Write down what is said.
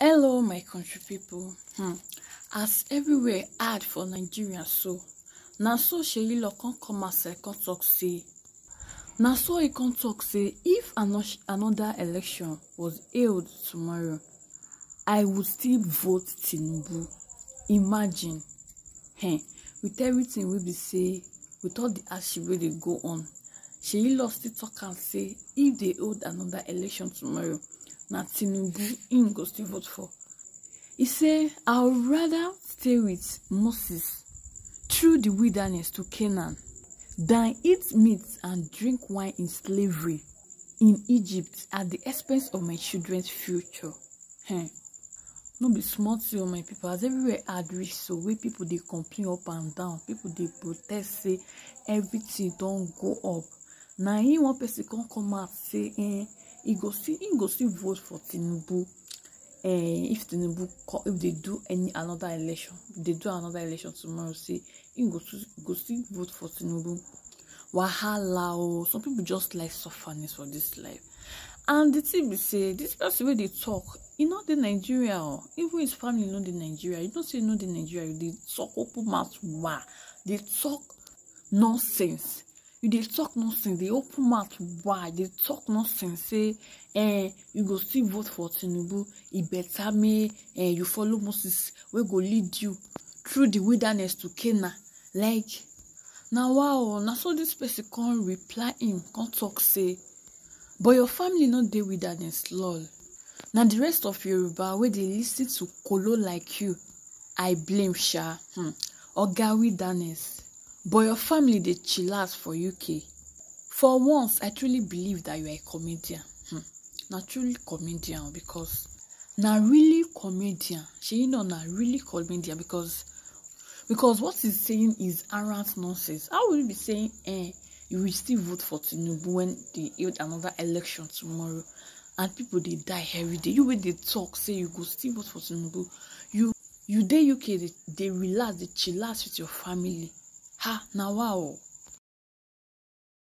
Hello, my country people. Hmm. As everywhere hard for Nigeria, so na so Seyi Law come come outside come talk say na so he come talk say if another election was held tomorrow, I would still vote Tinubu. Imagine, hey, with everything we be say, with all the hardship we dey go on, Seyi Law still talk am say if they hold another election tomorrow na tinubu im go still vote for e say i would rather stay with moses through the wilderness to canaan than eat meat and drink wine in slavery in egypt at the expense of my children's future hmm. no be small thing oh, my people as everywhere hard reach so wey people dey complain up and down people dey protest say everything don go up na im one person come come out say eh e go still e go still vote for tinubu uh, if tinubu if they do any another election if they do another election tomorrow say e go still go still vote for tinubu wahala oh! some people just like sufferness for this life and the thing be say this person wey dey talk e no dey nigeria o even his family no dey nigeria you know say e no dey nigeria you dey talk open mouth wa dey talk nonsense you dey talk nonsense dey open mouth wide dey talk nonsense say eh, you go still vote for tinubu e better make eh, you follow moses wey go lead you through the wilderness to canaan like na wow na so this person come reply him come talk say but your family no dey wilderness lol na the rest of yoruba wey dey lis ten to kolo like you i blame sha hmm. oga wilderness but your family dey chillax for uk for once i truly believe that you are a comedian hmm. na truly comedian because na really comedian sheyi know na really comedian because because what he's saying is arant nonsense how will you be saying eh you will still vote for tinubu when they hold another election tomorrow and people dey die every day you wey dey talk say you go still vote for tinubu you you dey uk dey dey relax dey chillax with your family ha na wao